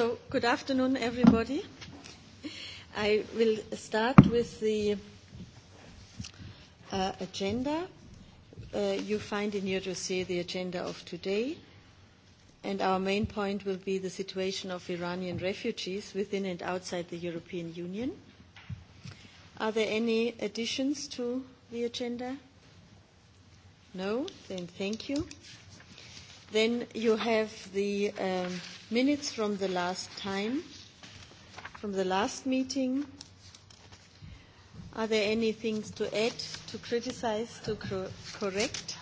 So, good afternoon, everybody. I will start with the uh, agenda. Uh, you find in your dossier the agenda of today, and our main point will be the situation of Iranian refugees within and outside the European Union. Are there any additions to the agenda? No? Then thank you. Then you have the um, minutes from the last time, from the last meeting. Are there any things to add, to criticize, to cor correct?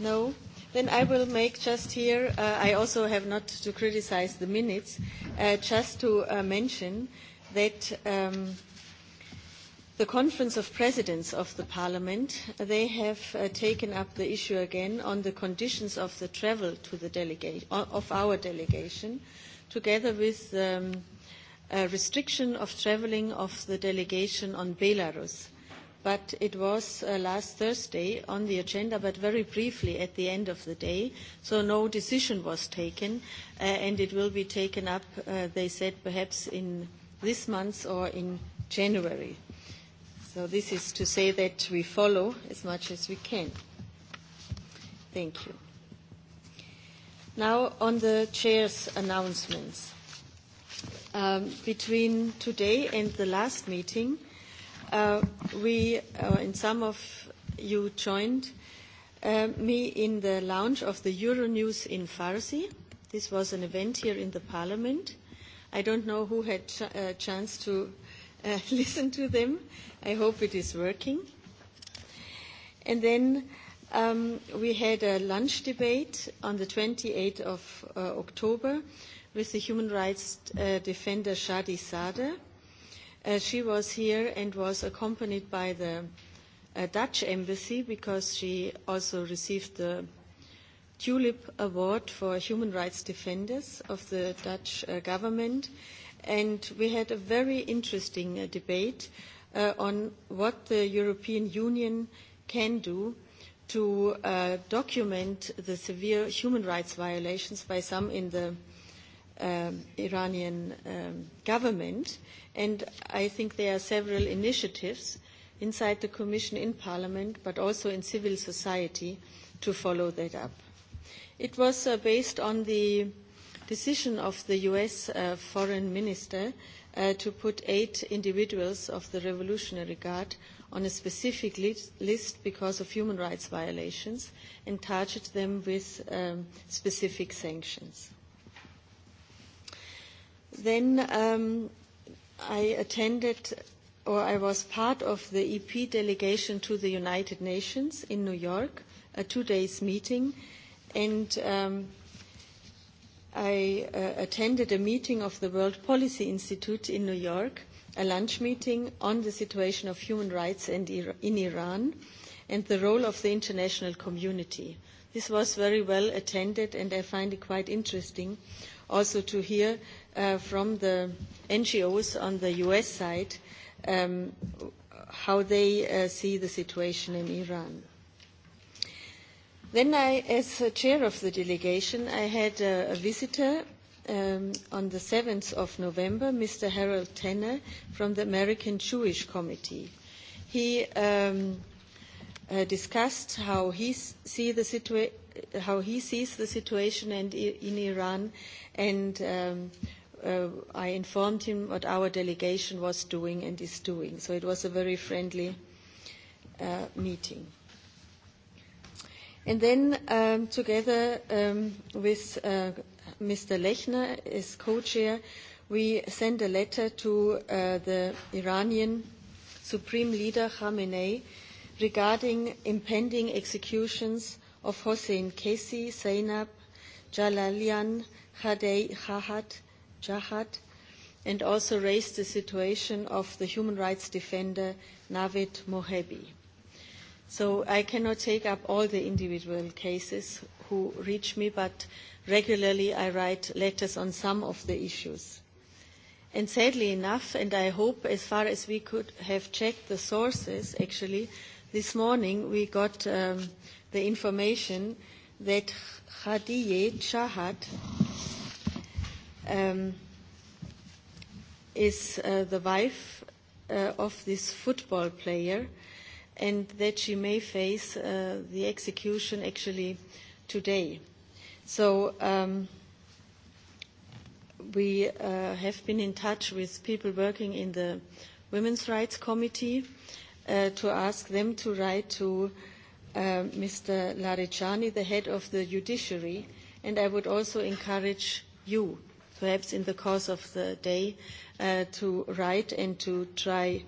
No? Then I will make just here, uh, I also have not to criticize the minutes, uh, just to uh, mention that um, the Conference of Presidents of the Parliament, they have uh, taken up the issue again on the conditions of the travel to the delegate, of our delegation, together with um, a restriction of travelling of the delegation on Belarus. But it was uh, last Thursday on the agenda, but very briefly at the end of the day, so no decision was taken, uh, and it will be taken up, uh, they said, perhaps in this month or in January. So this is to say that we follow as much as we can. Thank you. Now on the chair's announcements. Um, between today and the last meeting, uh, we, uh, and some of you joined uh, me in the lounge of the Euronews in Farsi. This was an event here in the Parliament. I don't know who had ch- uh, chance to uh, listen to them. I hope it is working. And then um, we had a lunch debate on the 28th of uh, October with the human rights uh, defender Shadi Sade. Uh, she was here and was accompanied by the uh, Dutch embassy because she also received the Tulip Award for Human Rights Defenders of the Dutch uh, government. Uh, and we had a very interesting uh, debate uh, on what the European Union can do to uh, document the severe human rights violations by some in the uh, Iranian um, government. And I think there are several initiatives inside the Commission, in Parliament, but also in civil society to follow that up. It was uh, based on the decision of the US uh, foreign minister uh, to put eight individuals of the Revolutionary Guard on a specific list because of human rights violations and target them with um, specific sanctions. Then um, I attended or I was part of the EP delegation to the United Nations in New York, a two days meeting, and um, I uh, attended a meeting of the World Policy Institute in New York, a lunch meeting on the situation of human rights and in Iran and the role of the international community. This was very well attended and I find it quite interesting also to hear uh, from the NGOs on the US side um, how they uh, see the situation in Iran. Then I, as chair of the delegation, I had a, a visitor um, on the 7th of November, Mr. Harold Tanner from the American Jewish Committee. He um, uh, discussed how he, see the situa how he sees the situation in, in Iran, and um, uh, I informed him what our delegation was doing and is doing. So it was a very friendly uh, meeting. And then um, together um, with uh, Mr. Lechner as co-chair, we send a letter to uh, the Iranian Supreme Leader Khamenei regarding impending executions of Hossein Kesi, Zainab, Jalalian, Khadei, Khahat, Jahat, and also raised the situation of the human rights defender Navid Mohebi. So I cannot take up all the individual cases who reach me, but regularly I write letters on some of the issues. And sadly enough, and I hope as far as we could have checked the sources, actually, this morning we got um, the information that Khadije Chahat um, is uh, the wife uh, of this football player and that she may face uh, the execution actually today. So um, we uh, have been in touch with people working in the Women's Rights Committee uh, to ask them to write to uh, Mr. Larichani, the head of the judiciary, and I would also encourage you, perhaps in the course of the day, uh, to write and to try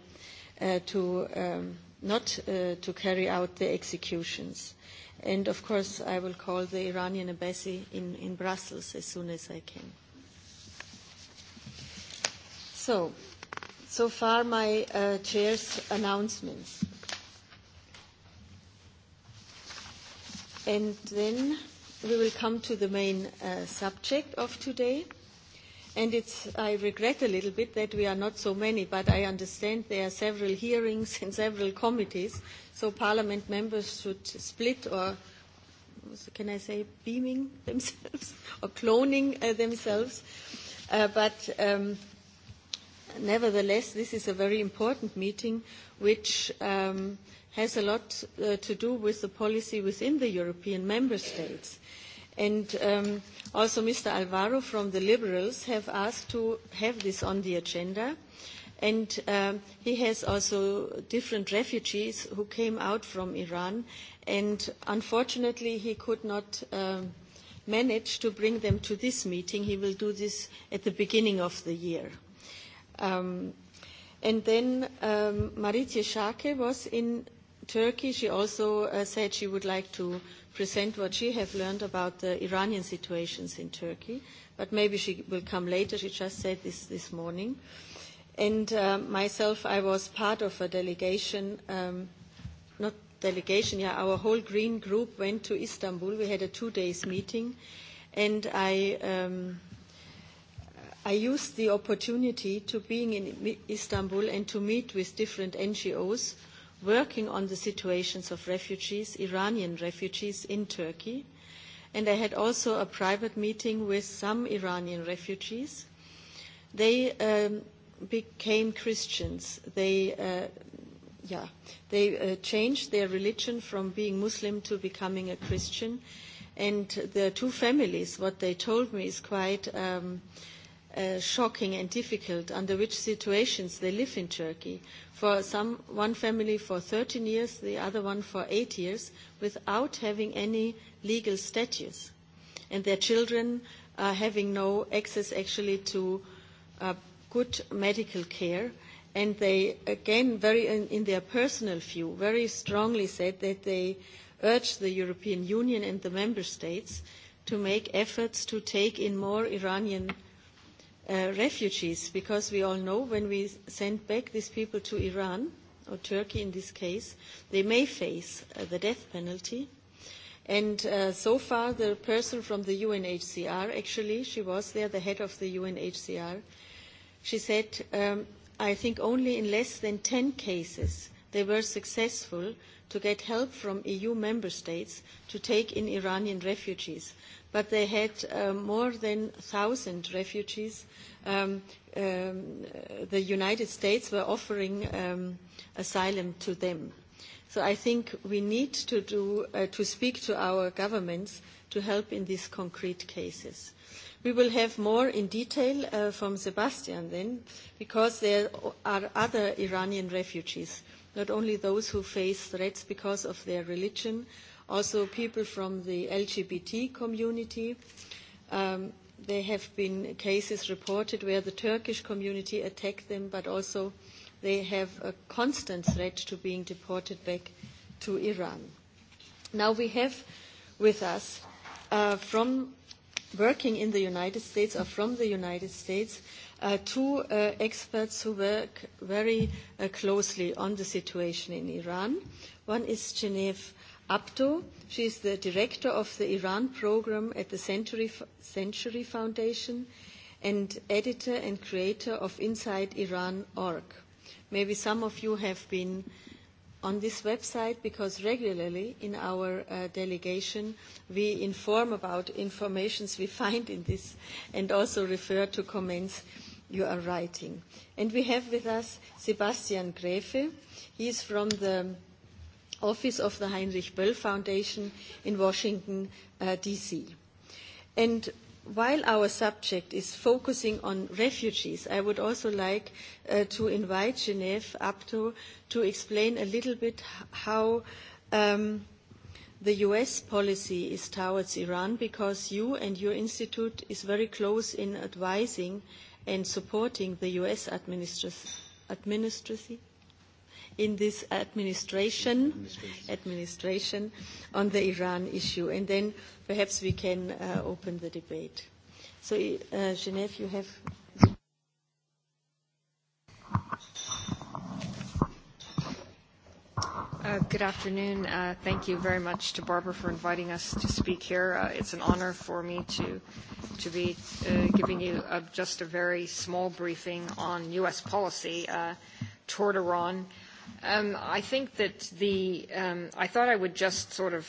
uh, to um, not uh, to carry out the executions. And of course, I will call the Iranian embassy in, in Brussels as soon as I can. So, so far my uh, chair's announcements. And then we will come to the main uh, subject of today. And it's, I regret a little bit that we are not so many, but I understand there are several hearings in several committees, so Parliament members should split or, can I say, beaming themselves or cloning uh, themselves. Uh, but um, nevertheless, this is a very important meeting which um, has a lot uh, to do with the policy within the European member states. Uh, And um, also Mr. Alvaro from the Liberals have asked to have this on the agenda. And um, he has also different refugees who came out from Iran. And unfortunately, he could not um, manage to bring them to this meeting. He will do this at the beginning of the year. Um, and then um, Maritje Schake was in Turkey. She also uh, said she would like to present what she has learned about the Iranian situations in Turkey, but maybe she will come later. She just said this this morning. And uh, myself, I was part of a delegation, um, not delegation, yeah, our whole green group went to Istanbul. We had a two days meeting, and I. Um, I used the opportunity to being in Istanbul and to meet with different NGOs working on the situations of refugees, Iranian refugees in Turkey. And I had also a private meeting with some Iranian refugees. They um, became Christians. They, uh, yeah, they uh, changed their religion from being Muslim to becoming a Christian. And the two families, what they told me is quite... Um, uh, shocking and difficult under which situations they live in Turkey. For some, one family for 13 years, the other one for eight years, without having any legal status. And their children are having no access actually to uh, good medical care. And they, again, very in, in their personal view, very strongly said that they urge the European Union and the member states to make efforts to take in more Iranian uh, refugees, because we all know when we send back these people to Iran, or Turkey in this case, they may face uh, the death penalty. And uh, so far, the person from the UNHCR, actually, she was there, the head of the UNHCR, she said, um, I think only in less than 10 cases they were successful to get help from EU member states to take in Iranian refugees but they had uh, more than 1,000 refugees. Um, um, the United States were offering um, asylum to them. So I think we need to, do, uh, to speak to our governments to help in these concrete cases. We will have more in detail uh, from Sebastian then, because there are other Iranian refugees, not only those who face threats because of their religion, also people from the LGBT community. Um, there have been cases reported where the Turkish community attacked them, but also they have a constant threat to being deported back to Iran. Now we have with us uh, from working in the United States or from the United States uh, two uh, experts who work very uh, closely on the situation in Iran. One is Genevieve Abdo. She is the director of the Iran program at the Century, Century Foundation and editor and creator of InsideIran.org. Maybe some of you have been on this website because regularly in our uh, delegation we inform about informations we find in this and also refer to comments you are writing. And we have with us Sebastian Grefe. He is from the office of the Heinrich Böll Foundation in Washington, uh, D.C. And while our subject is focusing on refugees, I would also like uh, to invite Genève up to explain a little bit how um, the US policy is towards Iran, because you and your institute is very close in advising and supporting the US administration. administracy in this administration, administration, on the Iran issue. And then perhaps we can uh, open the debate. So, uh, Genève, you have. Uh, good afternoon. Uh, thank you very much to Barbara for inviting us to speak here. Uh, it's an honor for me to, to be uh, giving you a, just a very small briefing on U.S. policy uh, toward Iran. Uh, Um, I think that the, um, I thought I would just sort of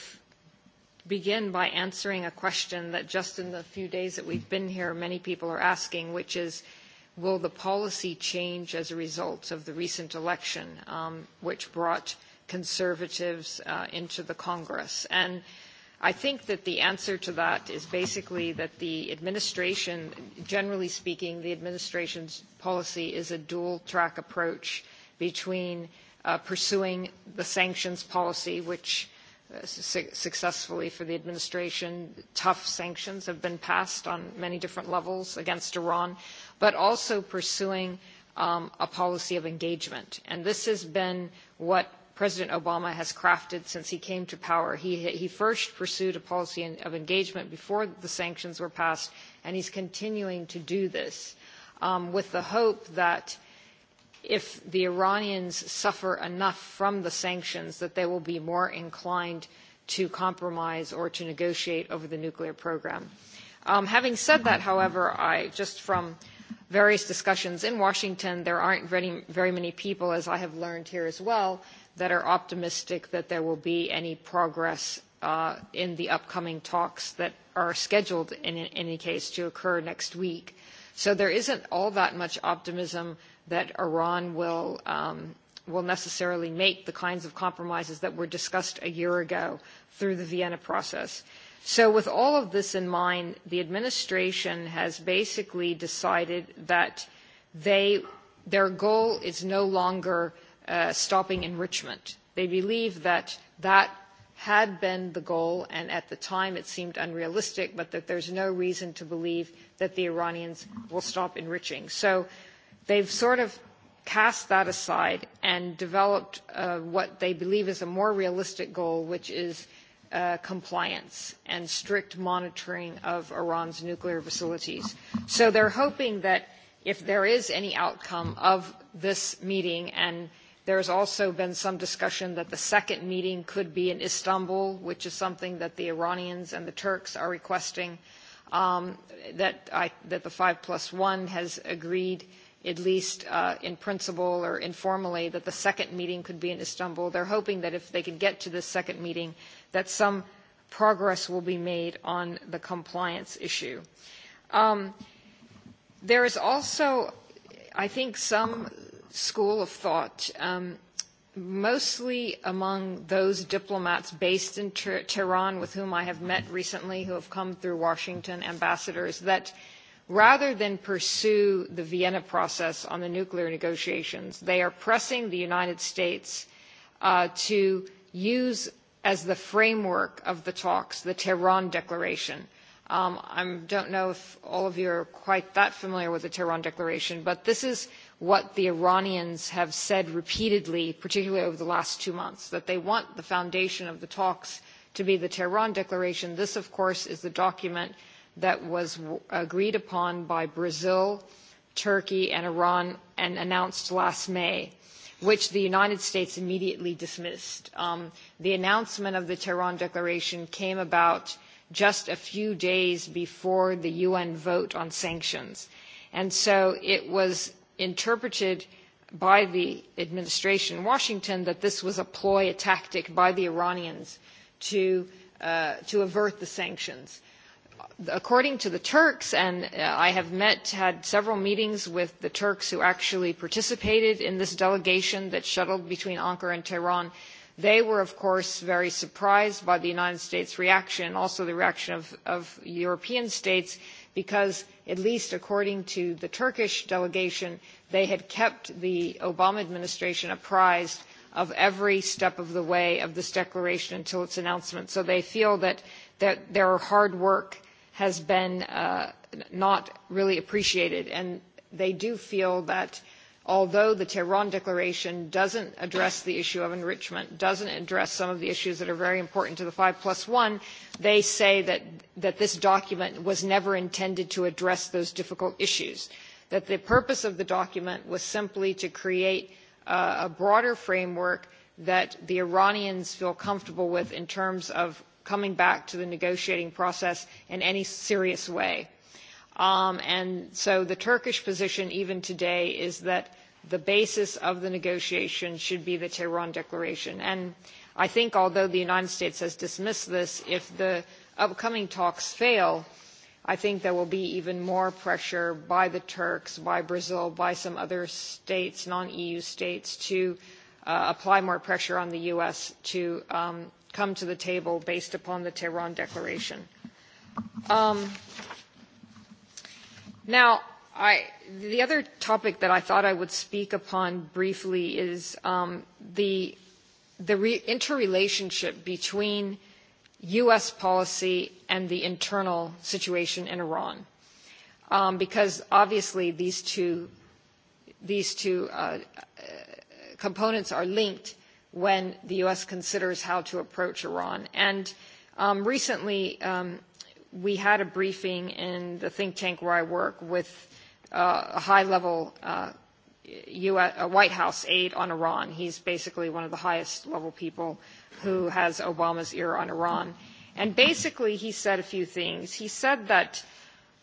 begin by answering a question that just in the few days that we've been here, many people are asking, which is, will the policy change as a result of the recent election, um, which brought conservatives uh, into the Congress? And I think that the answer to that is basically that the administration, generally speaking, the administration's policy is a dual track approach between Uh, pursuing the sanctions policy, which uh, su successfully for the administration, tough sanctions have been passed on many different levels against Iran, but also pursuing um, a policy of engagement. And this has been what President Obama has crafted since he came to power. He, he first pursued a policy in, of engagement before the sanctions were passed, and he's continuing to do this um, with the hope that if the Iranians suffer enough from the sanctions that they will be more inclined to compromise or to negotiate over the nuclear program. Um, having said that, however, I just from various discussions in Washington, there aren't very, very many people, as I have learned here as well, that are optimistic that there will be any progress uh, in the upcoming talks that are scheduled in, in any case to occur next week. So there isn't all that much optimism that Iran will, um, will necessarily make the kinds of compromises that were discussed a year ago through the Vienna process. So with all of this in mind, the administration has basically decided that they, their goal is no longer uh, stopping enrichment. They believe that that had been the goal, and at the time it seemed unrealistic, but that there's no reason to believe that the Iranians will stop enriching. So They've sort of cast that aside and developed uh, what they believe is a more realistic goal, which is uh, compliance and strict monitoring of Iran's nuclear facilities. So they're hoping that if there is any outcome of this meeting, and there's also been some discussion that the second meeting could be in Istanbul, which is something that the Iranians and the Turks are requesting, um, that, I, that the 5 plus 1 has agreed – at least uh, in principle or informally, that the second meeting could be in Istanbul. They're hoping that if they can get to this second meeting, that some progress will be made on the compliance issue. Um, there is also, I think, some school of thought, um, mostly among those diplomats based in Tehran with whom I have met recently who have come through Washington, ambassadors, that – Rather than pursue the Vienna process on the nuclear negotiations, they are pressing the United States uh, to use as the framework of the talks the Tehran Declaration. Um, I don't know if all of you are quite that familiar with the Tehran Declaration, but this is what the Iranians have said repeatedly, particularly over the last two months, that they want the foundation of the talks to be the Tehran Declaration. This, of course, is the document – that was agreed upon by Brazil, Turkey, and Iran and announced last May, which the United States immediately dismissed. Um, the announcement of the Tehran Declaration came about just a few days before the UN vote on sanctions. And so it was interpreted by the administration in Washington that this was a ploy, a tactic by the Iranians to, uh, to avert the sanctions according to the Turks, and uh, I have met, had several meetings with the Turks who actually participated in this delegation that shuttled between Ankara and Tehran, they were, of course, very surprised by the United States' reaction, and also the reaction of, of European states, because, at least according to the Turkish delegation, they had kept the Obama administration apprised of every step of the way of this declaration until its announcement. So they feel that, that their hard work has been uh, not really appreciated. And they do feel that although the Tehran Declaration doesn't address the issue of enrichment, doesn't address some of the issues that are very important to the five plus one, they say that, that this document was never intended to address those difficult issues, that the purpose of the document was simply to create a broader framework that the Iranians feel comfortable with in terms of coming back to the negotiating process in any serious way. Um, and so the Turkish position even today is that the basis of the negotiation should be the Tehran Declaration. And I think although the United States has dismissed this, if the upcoming talks fail, I think there will be even more pressure by the Turks, by Brazil, by some other states, non-EU states, to uh, apply more pressure on the U.S. to um, come to the table based upon the Tehran Declaration. Um, now, I, the other topic that I thought I would speak upon briefly is um, the, the re interrelationship between U.S. policy and the internal situation in Iran. Um, because obviously these two, these two uh, uh components are linked when the U.S. considers how to approach Iran. And um, recently, um, we had a briefing in the think tank where I work with uh, a high-level uh, US, a White House aide on Iran. He's basically one of the highest level people who has Obama's ear on Iran. And basically, he said a few things. He said that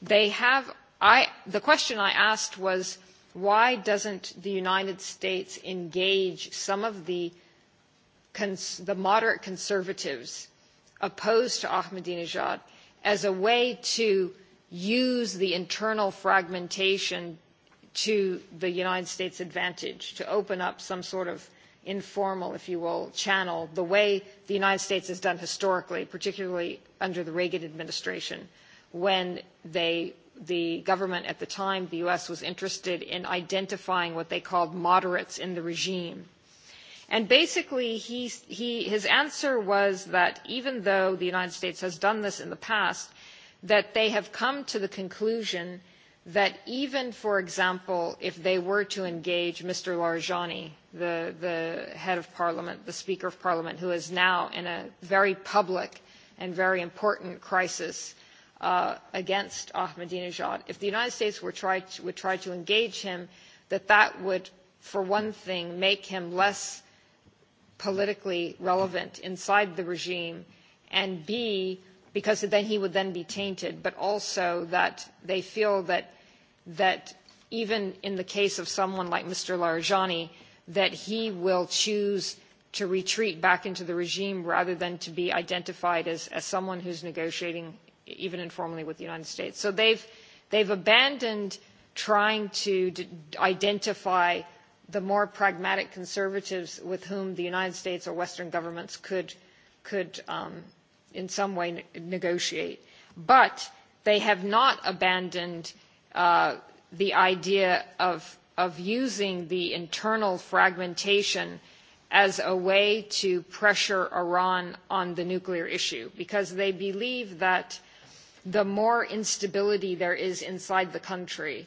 they have, I, the question I asked was, why doesn't the United States engage some of the cons the moderate conservatives opposed to Ahmadinejad as a way to use the internal fragmentation to the United States' advantage, to open up some sort of informal, if you will, channel, the way the United States has done historically, particularly under the Reagan administration, when they, the government at the time, the U.S., was interested in identifying what they called moderates in the regime And basically, he, he, his answer was that even though the United States has done this in the past, that they have come to the conclusion that even, for example, if they were to engage Mr. Larjani, the, the head of parliament, the speaker of parliament, who is now in a very public and very important crisis uh, against Ahmadinejad, if the United States were try to, would try to engage him, that that would, for one thing, make him less politically relevant inside the regime, and B, because then he would then be tainted, but also that they feel that, that even in the case of someone like Mr. Larajani, that he will choose to retreat back into the regime rather than to be identified as, as someone who's negotiating even informally with the United States. So they've, they've abandoned trying to d identify the more pragmatic conservatives with whom the United States or Western governments could, could um, in some way ne negotiate. But they have not abandoned uh, the idea of, of using the internal fragmentation as a way to pressure Iran on the nuclear issue because they believe that the more instability there is inside the country,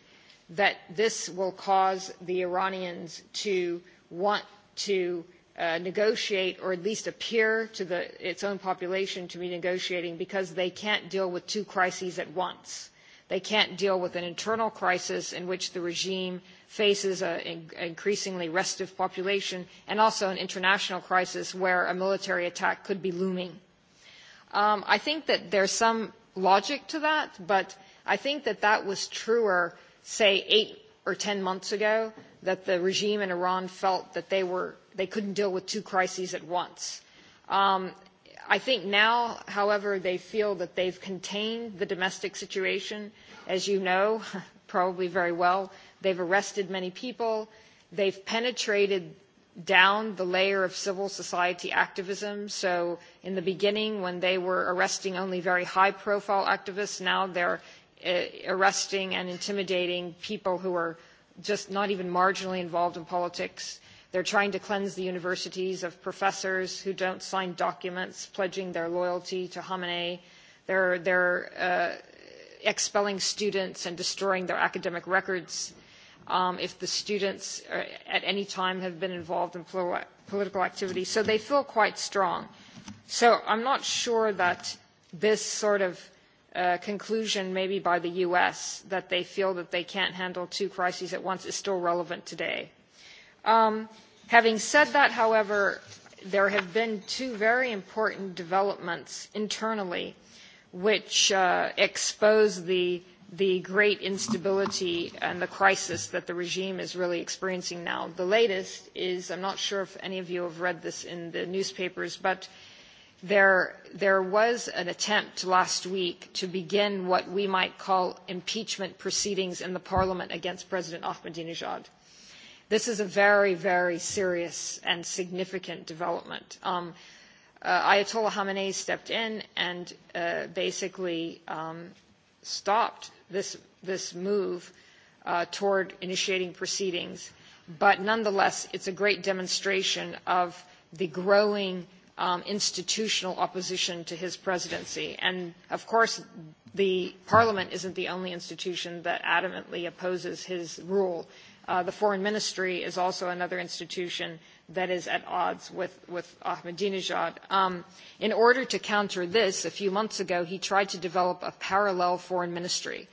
that this will cause the Iranians to want to uh, negotiate or at least appear to the, its own population to be negotiating because they can't deal with two crises at once. They can't deal with an internal crisis in which the regime faces an increasingly restive population and also an international crisis where a military attack could be looming. Um, I think that there's some logic to that, but I think that that was truer say, eight or ten months ago that the regime in Iran felt that they, were, they couldn't deal with two crises at once. Um, I think now, however, they feel that they've contained the domestic situation. As you know, probably very well, they've arrested many people. They've penetrated down the layer of civil society activism. So in the beginning, when they were arresting only very high-profile activists, now they're Uh, arresting and intimidating people who are just not even marginally involved in politics. They're trying to cleanse the universities of professors who don't sign documents pledging their loyalty to Khamenei. They're, they're uh, expelling students and destroying their academic records. Um, if the students are, uh, at any time have been involved in pol political activity. So they feel quite strong. So I'm not sure that this sort of uh, conclusion maybe by the US that they feel that they can't handle two crises at once is still relevant today. Um, having said that, however, there have been two very important developments internally which uh, expose the, the great instability and the crisis that the regime is really experiencing now. The latest is, I'm not sure if any of you have read this in the newspapers, but There, there was an attempt last week to begin what we might call impeachment proceedings in the parliament against President Ahmadinejad. This is a very, very serious and significant development. Um, uh, Ayatollah Khamenei stepped in and uh, basically um, stopped this, this move uh, toward initiating proceedings. But nonetheless, it's a great demonstration of the growing um, institutional opposition to his presidency. And of course, the parliament isn't the only institution that adamantly opposes his rule. Uh, the foreign ministry is also another institution that is at odds with, with Ahmadinejad. Um, in order to counter this, a few months ago, he tried to develop a parallel foreign ministry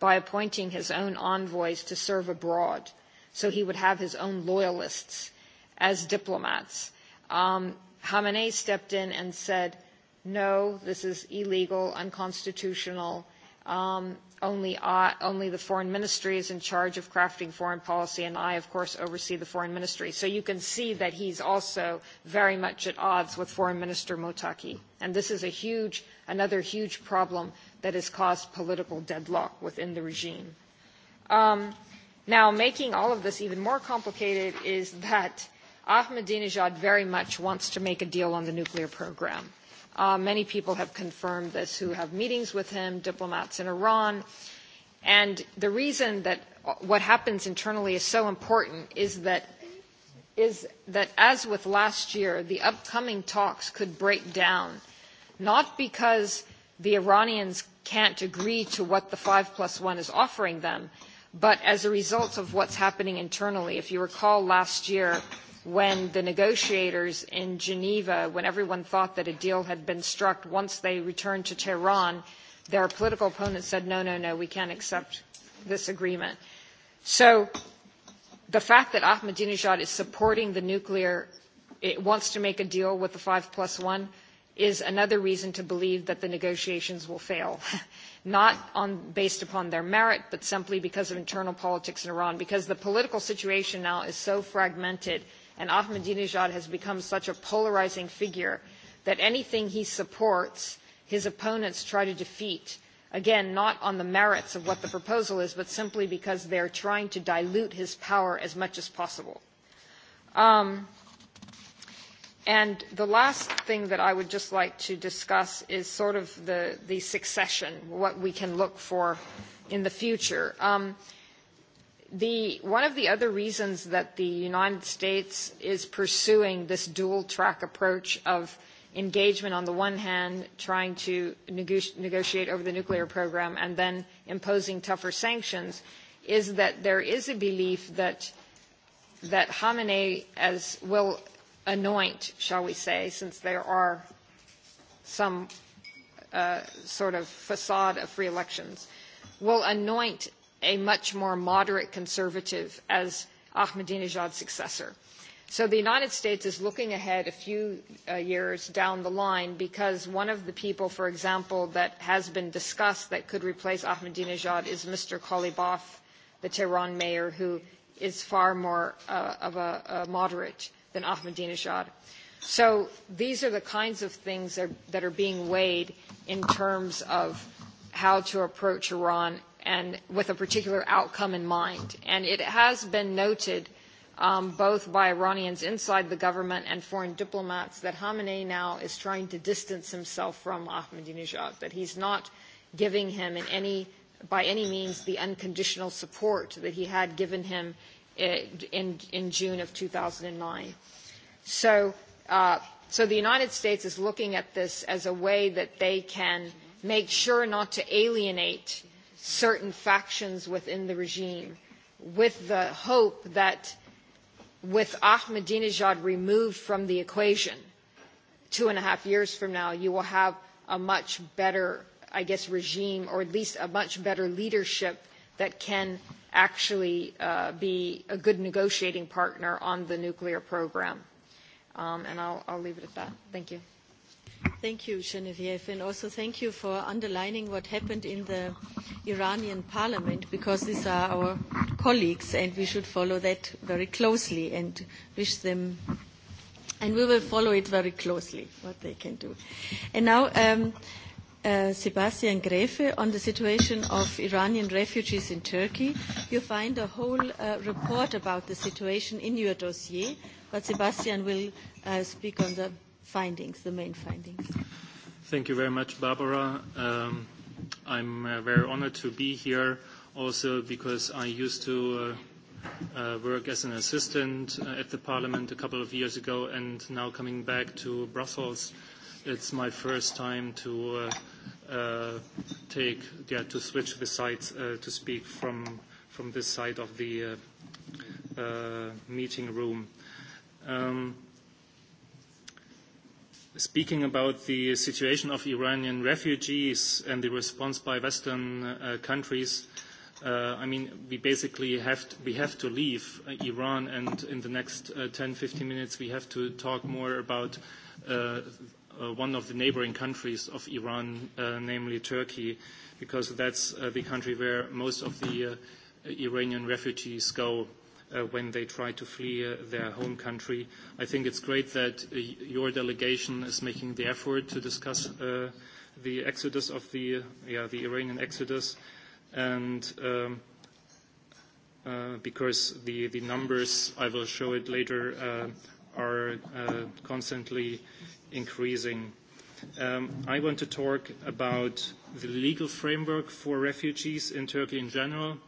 by appointing his own envoys to serve abroad so he would have his own loyalists as diplomats. Um, Khamenei stepped in and said, no, this is illegal, unconstitutional. Um, only, I, only the foreign ministry is in charge of crafting foreign policy, and I, of course, oversee the foreign ministry. So you can see that he's also very much at odds with Foreign Minister Motaki. And this is a huge, another huge problem that has caused political deadlock within the regime. Um, now, making all of this even more complicated is that Ahmadinejad very much wants to make a deal on the nuclear program. Uh, many people have confirmed this who have meetings with him, diplomats in Iran. And the reason that what happens internally is so important is that, is that as with last year, the upcoming talks could break down, not because the Iranians can't agree to what the five plus one is offering them, but as a result of what's happening internally. If you recall last year, when the negotiators in Geneva, when everyone thought that a deal had been struck, once they returned to Tehran, their political opponents said, no, no, no, we can't accept this agreement. So the fact that Ahmadinejad is supporting the nuclear, it wants to make a deal with the five plus one, is another reason to believe that the negotiations will fail. Not on, based upon their merit, but simply because of internal politics in Iran, because the political situation now is so fragmented And Ahmadinejad has become such a polarizing figure that anything he supports, his opponents try to defeat. Again, not on the merits of what the proposal is, but simply because they are trying to dilute his power as much as possible. Um, And the last thing that I would just like to discuss is sort of the, the succession, what we can look for in the future. Um, The, one of the other reasons that the United States is pursuing this dual track approach of engagement on the one hand, trying to nego negotiate over the nuclear program, and then imposing tougher sanctions, is that there is a belief that, that Khamenei as will anoint, shall we say, since there are some uh, sort of facade of free elections, will anoint a much more moderate conservative as Ahmadinejad's successor. So the United States is looking ahead a few uh, years down the line because one of the people, for example, that has been discussed that could replace Ahmadinejad is Mr. Kolibov, the Tehran mayor, who is far more uh, of a, a moderate than Ahmadinejad. So these are the kinds of things that are, that are being weighed in terms of how to approach Iran and with a particular outcome in mind. And it has been noted um, both by Iranians inside the government and foreign diplomats that Khamenei now is trying to distance himself from Ahmadinejad, that he's not giving him in any, by any means the unconditional support that he had given him eh, in, in June of 2009. So, uh, so the United States is looking at this as a way that they can make sure not to alienate certain factions within the regime with the hope that with Ahmadinejad removed from the equation two and a half years from now, you will have a much better, I guess, regime or at least a much better leadership that can actually uh, be a good negotiating partner on the nuclear program. Um, and I'll, I'll leave it at that. Thank you. Thank you, Genevieve, and also thank you for underlining what happened in the Iranian parliament, because these are our colleagues, and we should follow that very closely and wish them, and we will follow it very closely, what they can do. And now, um, uh, Sebastian Grefe, on the situation of Iranian refugees in Turkey. You find a whole uh, report about the situation in your dossier, but Sebastian will uh, speak on the findings, the main findings. Thank you very much, Barbara. Um, I'm uh, very honored to be here also because I used to uh, uh, work as an assistant uh, at the parliament a couple of years ago and now coming back to Brussels, it's my first time to uh, uh, take, yeah, to switch the sides uh, to speak from, from this side of the uh, uh, meeting room. Um, speaking about the situation of Iranian refugees and the response by Western uh, countries, uh, I mean, we basically have to, we have to leave uh, Iran, and in the next uh, 10, 15 minutes, we have to talk more about uh, uh, one of the neighboring countries of Iran, uh, namely Turkey, because that's uh, the country where most of the uh, Iranian refugees go. Uh, when they try to flee uh, their home country. I think it's great that uh, your delegation is making the effort to discuss uh, the exodus of the, uh, yeah, the Iranian exodus, and um, uh, because the, the numbers, I will show it later, uh, are uh, constantly increasing. Um, I want to talk about the legal framework for refugees in Turkey in general.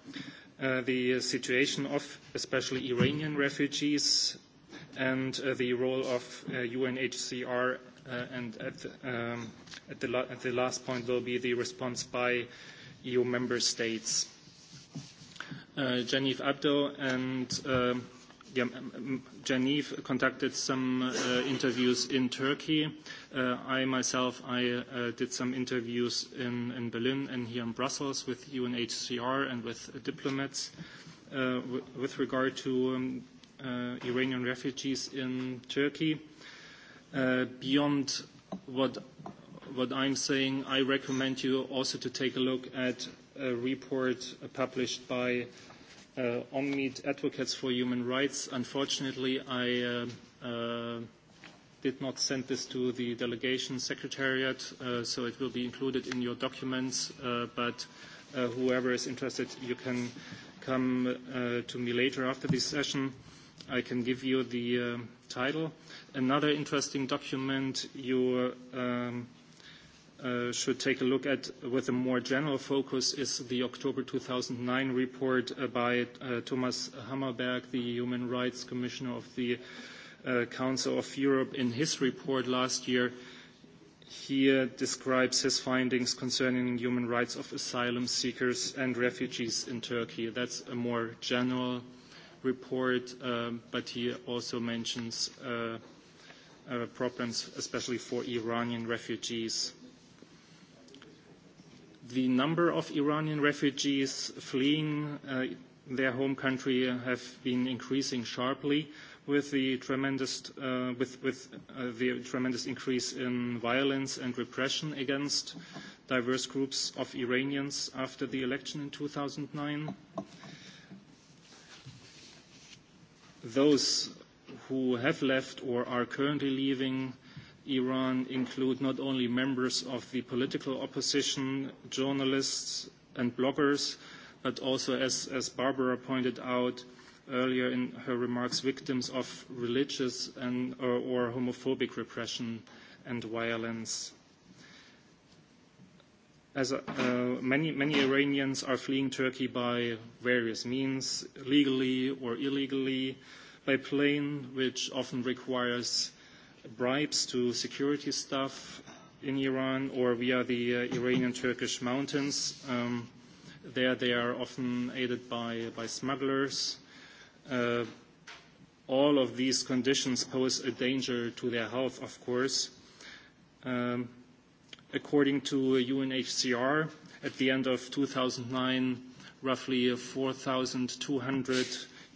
Uh, the situation of especially Iranian refugees and uh, the role of uh, UNHCR uh, and at the, um, at, the la at the last point will be the response by EU member states. Uh, Janif Abdo and uh, yeah, Genevieve conducted some uh, interviews in Turkey. Uh, I myself, I uh, did some interviews in, in Berlin and here in Brussels with UNHCR and with uh, diplomats uh, with regard to um, uh, Iranian refugees in Turkey. Uh, beyond what, what I'm saying, I recommend you also to take a look at a report published by uh, uh, Omid Advocates for Human Rights. Unfortunately, I uh, uh, did not send this to the delegation secretariat, uh, so it will be included in your documents, uh, but uh, whoever is interested, you can come uh, to me later after this session. I can give you the uh, title. Another interesting document you um, uh, should take a look at with a more general focus is the October 2009 report uh, by uh, Thomas Hammerberg, the Human Rights Commissioner of the uh, Council of Europe. In his report last year, he uh, describes his findings concerning human rights of asylum seekers and refugees in Turkey. That's a more general report, uh, but he also mentions uh, uh, problems, especially for Iranian refugees the number of Iranian refugees fleeing uh, their home country have been increasing sharply with the tremendous, uh, with, with, uh, the tremendous increase in violence and repression against diverse groups of Iranians after the election in 2009. Those who have left or are currently leaving Iran include not only members of the political opposition, journalists and bloggers, but also, as, as Barbara pointed out earlier in her remarks, victims of religious and, or, or homophobic repression and violence. As uh, many, many Iranians are fleeing Turkey by various means, legally or illegally, by plane, which often requires bribes to security staff in Iran or via the uh, Iranian-Turkish mountains. Um, there they are often aided by, by smugglers. Uh, all of these conditions pose a danger to their health, of course. Um, according to UNHCR, at the end of 2009, roughly 4,200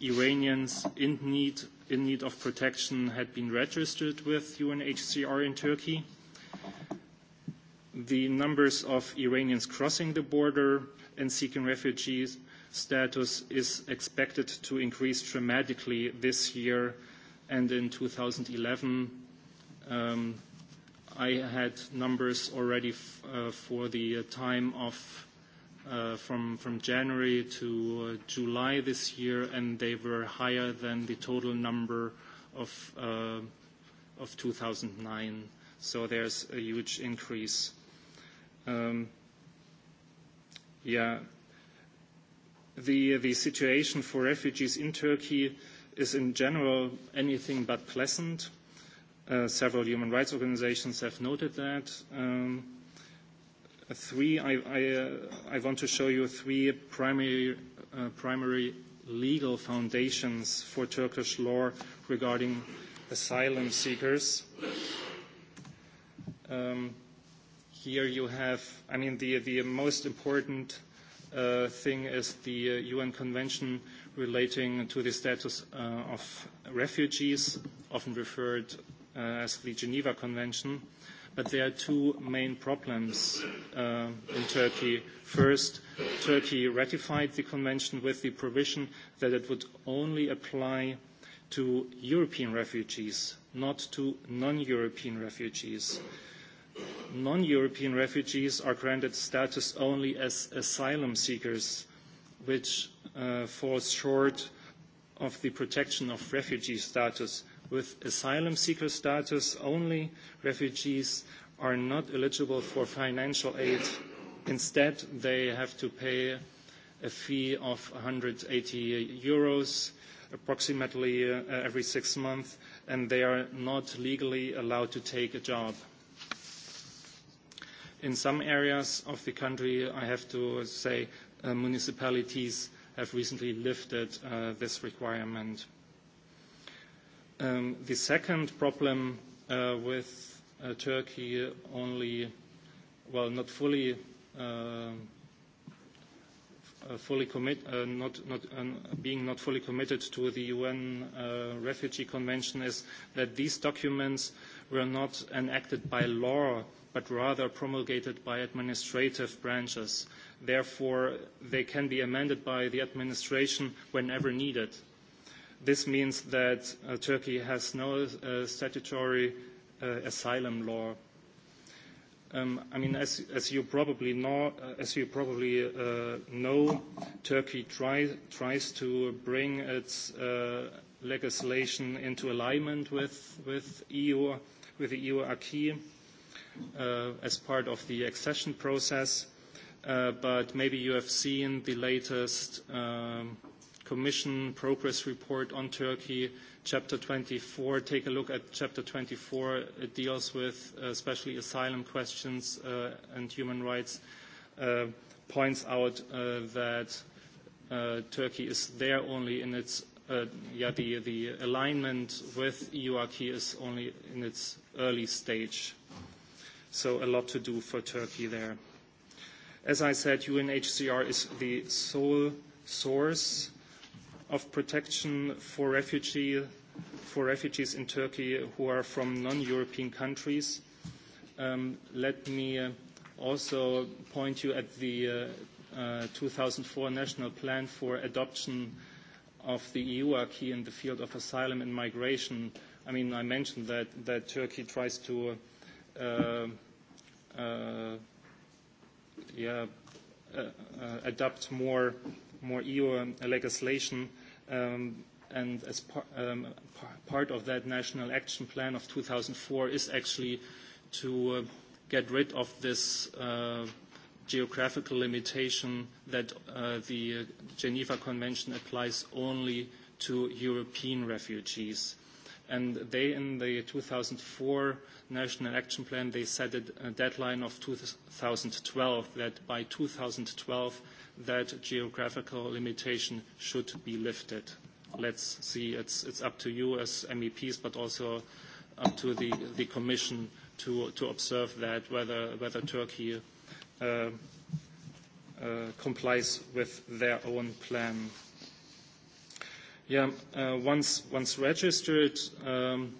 Iranians in need in need of protection had been registered with UNHCR in Turkey. The numbers of Iranians crossing the border and seeking refugee status is expected to increase dramatically this year and in 2011. Um, I had numbers already f uh, for the time of uh, from, from January to uh, July this year, and they were higher than the total number of, uh, of 2009. So there's a huge increase. Um, yeah. The, the situation for refugees in Turkey is in general anything but pleasant. Uh, several human rights organizations have noted that. Um, three, I, I, uh, I want to show you three primary, uh, primary legal foundations for Turkish law regarding asylum seekers. Um, here you have, I mean, the, the most important uh, thing is the uh, UN Convention relating to the status uh, of refugees, often referred uh, as the Geneva Convention. Uh, But there are two main problems uh, in Turkey. First, Turkey ratified the convention with the provision that it would only apply to European refugees, not to non-European refugees. Non-European refugees are granted status only as asylum seekers, which uh, falls short of the protection of refugee status with asylum seeker status only, refugees are not eligible for financial aid. Instead, they have to pay a fee of 180 euros approximately uh, every six months, and they are not legally allowed to take a job. In some areas of the country, I have to say, uh, municipalities have recently lifted uh, this requirement. Um, the second problem uh, with uh, Turkey only, well, not fully, um, uh, fully commit, uh, not, not, uh, being not fully committed to the UN uh, Refugee Convention is that these documents were not enacted by law, but rather promulgated by administrative branches. Therefore, they can be amended by the administration whenever needed. This means that uh, Turkey has no uh, statutory uh, asylum law. Um, I mean, as, as you probably know, uh, as you probably uh, know Turkey try, tries to bring its uh, legislation into alignment with, with, EU, with the EU acquis uh, as part of the accession process. Uh, but maybe you have seen the latest um, Commission Progress Report on Turkey, Chapter 24. Take a look at Chapter 24. It deals with uh, especially asylum questions uh, and human rights. Uh, points out uh, that uh, Turkey is there only in its uh, yeah, the, the alignment with EU acquis is only in its early stage. So a lot to do for Turkey there. As I said, UNHCR is the sole source of protection for, refugee, for refugees in Turkey who are from non-European countries. Um, let me uh, also point you at the uh, uh, 2004 National Plan for Adoption of the EU acquis in the field of asylum and migration. I mean, I mentioned that, that Turkey tries to uh, uh, yeah, uh, uh, adopt more more EU um, legislation um, and as par um, par part of that national action plan of 2004 is actually to uh, get rid of this uh, geographical limitation that uh, the uh, Geneva Convention applies only to European refugees. And they, in the 2004 National Action Plan, they set a deadline of 2012, that by 2012 that geographical limitation should be lifted. Let's see, it's, it's up to you as MEPs, but also up to the, the Commission to, to observe that, whether, whether Turkey uh, uh, complies with their own plan. Yeah, uh, once, once registered, um,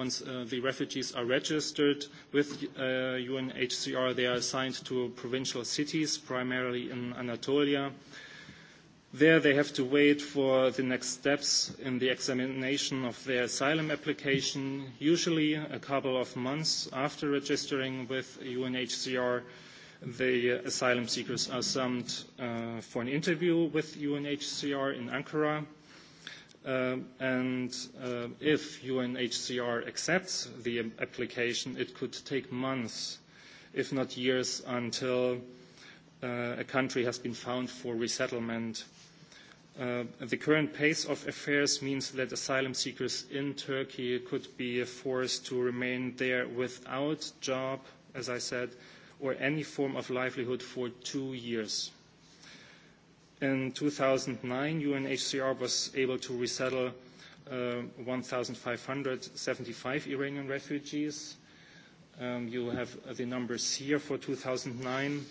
once uh, the refugees are registered with uh, UNHCR, they are assigned to provincial cities, primarily in Anatolia. There they have to wait for the next steps in the examination of their asylum application, usually a couple of months after registering with UNHCR. The asylum seekers are summed uh, for an interview with UNHCR in Ankara Um, and uh, if UNHCR accepts the application, it could take months, if not years, until uh, a country has been found for resettlement. Uh, the current pace of affairs means that asylum seekers in Turkey could be forced to remain there without job, as I said, or any form of livelihood for two years. In 2009, UNHCR was able to resettle uh, 1,575 Iranian refugees. Um, you have the numbers here for 2009,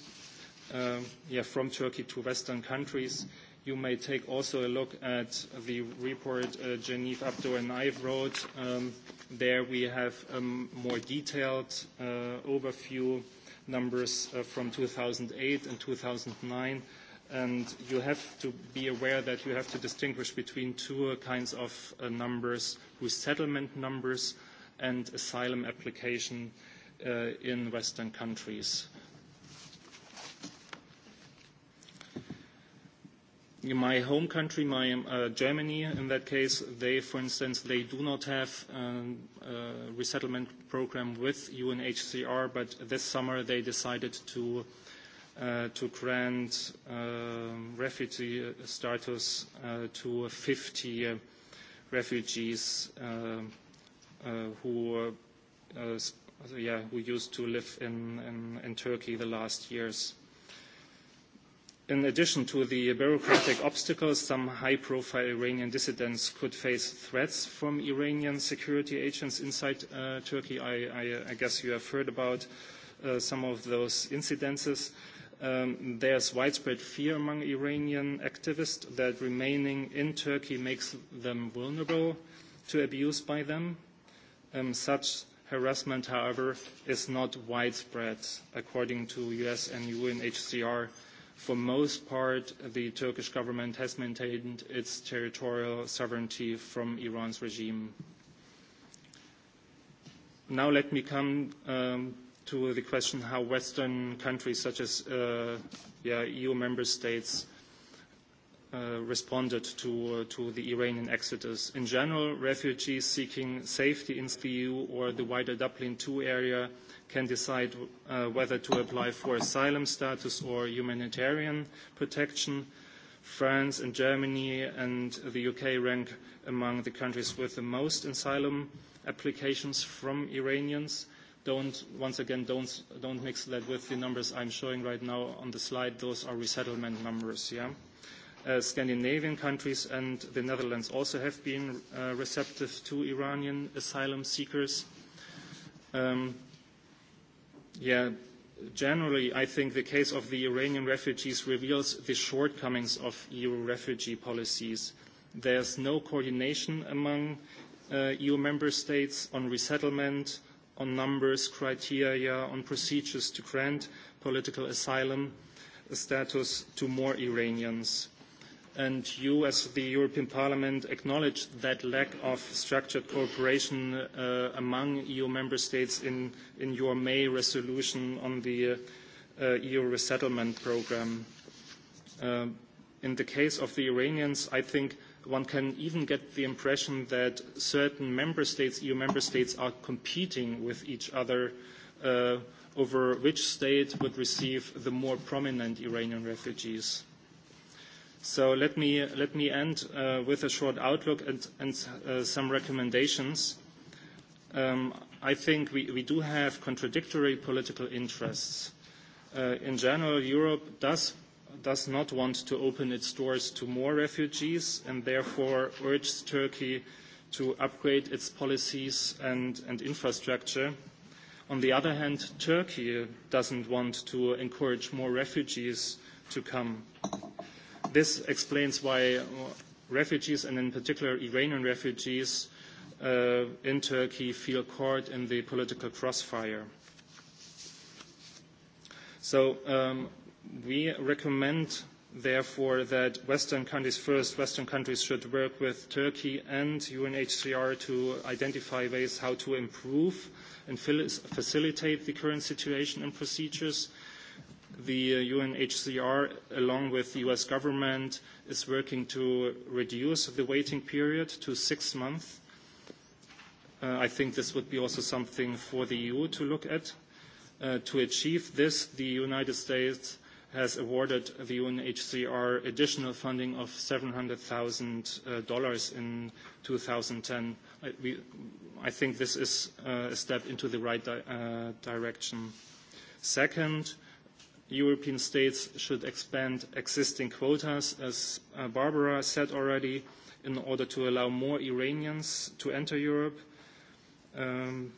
uh, um, yeah, from Turkey to Western countries. You may take also a look at the report uh, Genève Abdo and I wrote. Um, there we have a more detailed uh, overview numbers uh, from 2008 and 2009 and you have to be aware that you have to distinguish between two kinds of uh, numbers, resettlement numbers and asylum application uh, in Western countries. In my home country, my, uh, Germany, in that case, they, for instance, they do not have um, a resettlement program with UNHCR, but this summer they decided to uh, uh, to grant um, uh, refugee status uh, to 50 uh, refugees uh, uh, who, uh, yeah, who used to live in, in, in Turkey the last years. In addition to the bureaucratic obstacles, some high-profile Iranian dissidents could face threats from Iranian security agents inside uh, Turkey. I, I, I guess you have heard about uh, some of those incidences. Uh, um, there's widespread fear among Iranian activists that remaining in Turkey makes them vulnerable to abuse by them. Um, such harassment, however, is not widespread, according to US and UNHCR. For most part, the Turkish government has maintained its territorial sovereignty from Iran's regime. Now let me come um, to the question how Western countries such as uh, yeah, EU member states uh, responded to, uh, to the Iranian exodus. In general, refugees seeking safety in the EU or the wider Dublin II area can decide uh, whether to apply for asylum status or humanitarian protection. France and Germany and the UK rank among the countries with the most asylum applications from Iranians don't, once again, don't, don't mix that with the numbers I'm showing right now on the slide. Those are resettlement numbers, yeah? Uh, Scandinavian countries and the Netherlands also have been uh, receptive to Iranian asylum seekers. Um, yeah, generally, I think the case of the Iranian refugees reveals the shortcomings of EU refugee policies. There's no coordination among uh, EU member states on resettlement, on numbers, criteria, on procedures to grant political asylum status to more Iranians. And you, as the European Parliament, acknowledge that lack of structured cooperation uh, among EU member states in, in your May resolution on the uh, EU resettlement programme. Uh, in the case of the Iranians, I think one can even get the impression that certain member states, EU member states, are competing with each other uh, over which state would receive the more prominent Iranian refugees. So let me, let me end uh, with a short outlook and, and uh, some recommendations. Um, I think we, we do have contradictory political interests. Uh, in general, Europe does does not want to open its doors to more refugees and therefore urges Turkey to upgrade its policies and, and infrastructure. On the other hand, Turkey doesn't want to encourage more refugees to come. This explains why uh, refugees, and in particular Iranian refugees uh, in Turkey, feel caught in the political crossfire. So um, We recommend, therefore, that Western countries first, Western countries should work with Turkey and UNHCR to identify ways how to improve and facilitate the current situation and procedures. The UNHCR, along with the US government, is working to reduce the waiting period to six months. Uh, I think this would be also something for the EU to look at. Uh, to achieve this, the United States has awarded the UNHCR additional funding of $700,000 uh, in 2010. I, we, I think this is uh, a step into the right di uh, direction. Second, European states should expand existing quotas, as uh, Barbara said already, in order to allow more Iranians to enter Europe. Um,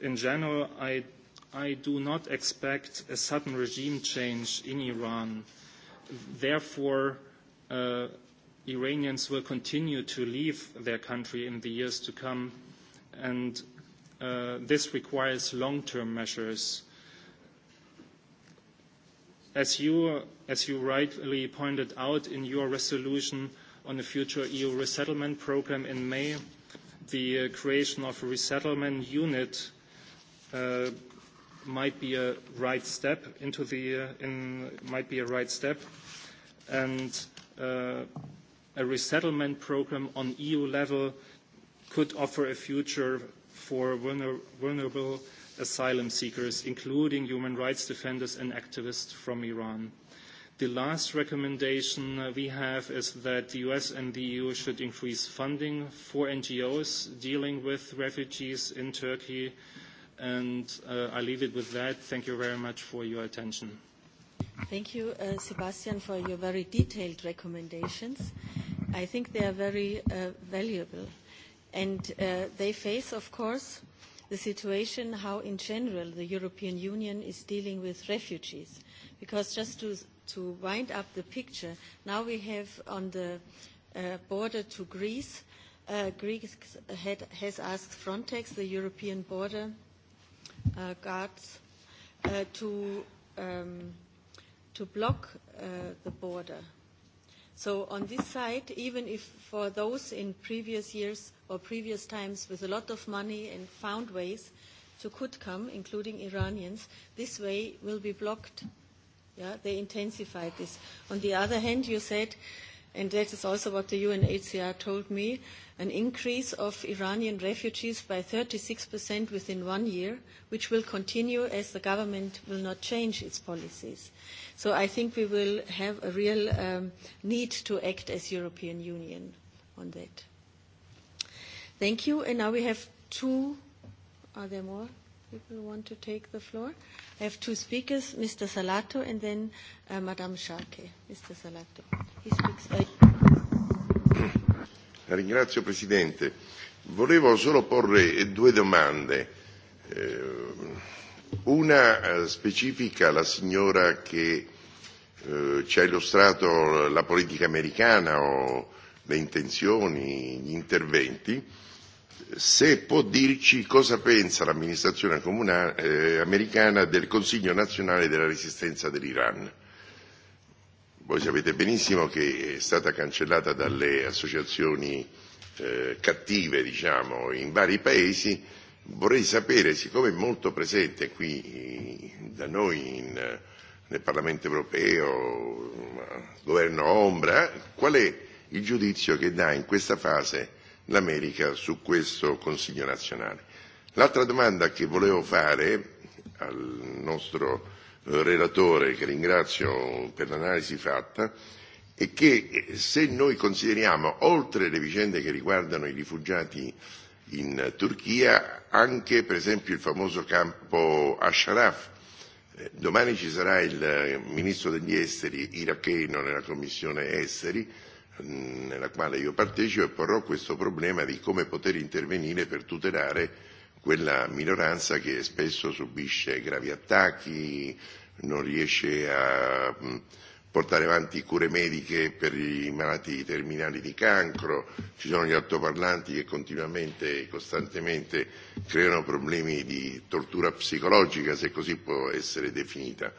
in general, I I do not expect a sudden regime change in Iran. Therefore, uh, Iranians will continue to leave their country in the years to come, and uh, this requires long-term measures. As you, as you rightly pointed out in your resolution on the future EU resettlement program in May, the uh, creation of a resettlement unit uh, might be a right step into the uh, in might be a right step and uh, a resettlement program on EU level could offer a future for vulner vulnerable asylum seekers including human rights defenders and activists from Iran the last recommendation we have is that the US and the EU should increase funding for NGOs dealing with refugees in Turkey and uh, I leave it with that. Thank you very much for your attention. Thank you, uh, Sebastian, for your very detailed recommendations. I think they are very uh, valuable. And uh, they face, of course, the situation how in general the European Union is dealing with refugees. Because just to, to wind up the picture, now we have on the uh, border to Greece, uh, Greece had, has asked Frontex, the European border uh, guards uh, to, um, to block uh, the border. So on this side, even if for those in previous years or previous times with a lot of money and found ways to could come, including Iranians, this way will be blocked. Yeah, they intensified this. On the other hand, you said, and that is also what the UNHCR told me, an increase of Iranian refugees by 36% within one year, which will continue as the government will not change its policies. So I think we will have a real um, need to act as European Union on that. Thank you. And now we have two, are there more people who want to take the floor? I have two speakers, Mr. Salato and then uh, Madame Sharkey. Mr. Salato. He speaks. Uh, La ringrazio Presidente. Volevo solo porre due domande. Eh, una eh, specifica alla signora che eh, ci ha illustrato la politica americana o le intenzioni, gli interventi, se può dirci cosa pensa l'amministrazione comunale eh, americana del Consiglio nazionale della resistenza dell'Iran Voi sapete benissimo che è stata cancellata dalle associazioni eh, cattive, diciamo, in vari paesi. Vorrei sapere, siccome è molto presente qui eh, da noi in, eh, nel Parlamento europeo, governo ombra, qual è il giudizio che dà in questa fase l'America su questo Consiglio nazionale? L'altra domanda che volevo fare al nostro relatore che ringrazio per l'analisi fatta e che se noi consideriamo oltre le vicende che riguardano i rifugiati in Turchia anche per esempio il famoso campo Asharaf eh, domani ci sarà il eh, ministro degli esteri iracheno nella commissione esteri mm, nella quale io partecipo e porrò questo problema di come poter intervenire per tutelare quella minoranza che spesso subisce gravi attacchi, non riesce a mm, portare avanti cure mediche per i malati terminali di cancro, ci sono gli altoparlanti che continuamente e costantemente creano problemi di tortura psicologica, se così può essere definita.